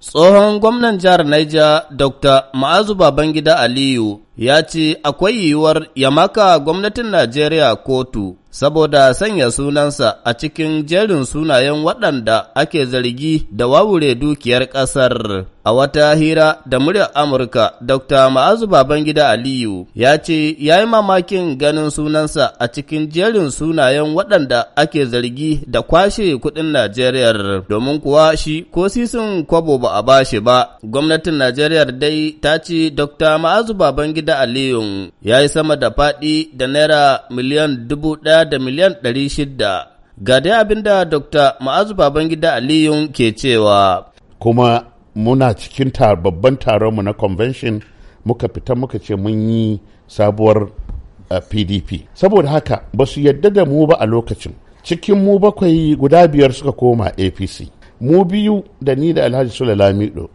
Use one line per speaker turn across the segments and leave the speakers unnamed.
Tsohon gwamnan jihar Niger Dr. Ma'azu Babangida Aliyu ya ce akwai yiwuwar ya maka gwamnatin Najeriya kotu saboda sanya sunansa a cikin jerin sunayen waɗanda ake zargi da wawure dukiyar ƙasar. A wata hira da muryar Amurka, Dr. Ma'azu Babangida Aliyu ya ce ya yi mamakin ganin sunansa a cikin jerin sunayen waɗanda ake zargi da kwashe kuɗin Najeriya domin kuwa shi ko sisin kwabo ba a bashi ba. Gwamnatin Najeriya dai ta ce Dr. Ma'azu Babangida Aliyu ya yi sama da faɗi da naira miliyan dubu ɗaya da miliyan ɗari shida. Ga dai abin da Dr. Ma'azu Babangida Aliyu ke cewa. Kuma
muna cikin babban taron mu na convention muka fita muka ce mun yi sabuwar uh, eh, PDP. Saboda haka ba su yadda da mu ba a lokacin. Cikin mu bakwai guda biyar suka koma APC. Mu biyu da ni da Alhaji Sule Lamido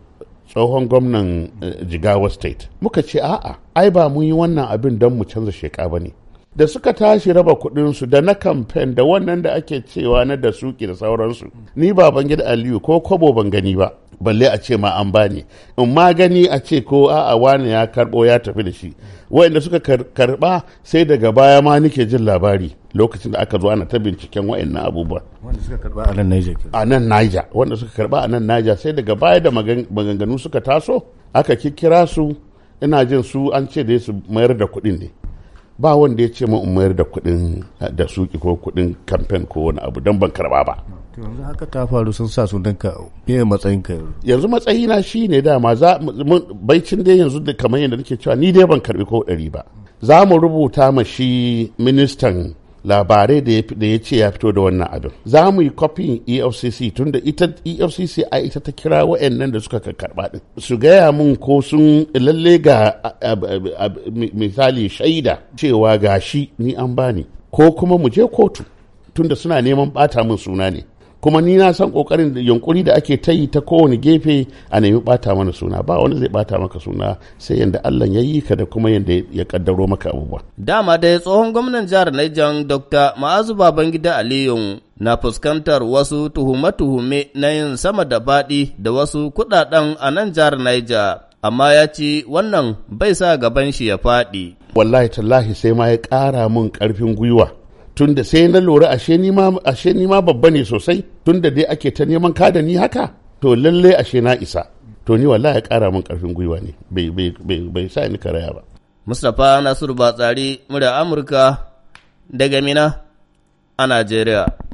tsohon gwamnan uh, Jigawa State. Muka ce a'a, ai ba mun yi wannan abin don mu canza sheka ba ne. da suka tashi raba kuɗinsu da na kamfen da wannan da ake cewa na da suki da sauransu ni ba ban gida aliyu ko kwabo ban gani ba balle a ce ma an bani in ma gani a ce ko a'a wani ya karɓo ya tafi da shi wa'inda suka karɓa sai daga baya ma nike jin labari lokacin da aka zo ana ta binciken wa'annan abubuwa
wanda suka karba a nan naija.
a nan naija wanda suka karɓa a nan naija sai daga baya da maganganu suka taso aka kikkira su ina jin su an ce da su mayar da kuɗin ne ba wanda ya ce in mayar da kuɗin eh, da suki ko kuɗin kamfen ko wani abu don ban karba ba
yanzu haka ta faru sun sa su ka. me matsayin ka
yanzu matsayina shi ne dama za baicin dai yanzu da kamar yadda nake cewa ni dai ban karbi ko ɗari ba za mu rubuta ma shi ministan labarai da ya ce ya fito da wannan abin za mu yi kofin efcc tun da ita efcc a ita ta kira wa'annan da suka karɓa din su gaya mun ko sun lalle ga misali shaida cewa gashi ni an bani ko kuma mu je kotu tun da suna neman bata min suna ne kuma ni na san kokarin da yunkuri da ake ta yi ta kowane gefe a nemi bata mana suna ba wani zai bata maka suna sai yanda Allah ya yi ka da kuma yanda ya kaddaro maka abubuwa
dama dai tsohon gwamnan jihar Niger Dr. Ma'azu Babangida Aliyu na fuskantar wasu tuhume-tuhume na yin sama da baɗi da wasu kuɗaɗen a nan jihar Niger amma ya ci wannan bai sa gaban shi ya faɗi
wallahi tallahi sai ma ya ƙara mun ƙarfin gwiwa tunda sai na lura ashe ni ma babba ne sosai tunda dai ake ta neman kada ni haka to lallai ashe na isa to ni wallahi ya kara min karfin gwiwa ne bai bai sa ni karaya ba Mustapha
Nasiru Batsari murya Amurka daga Mina a Najeriya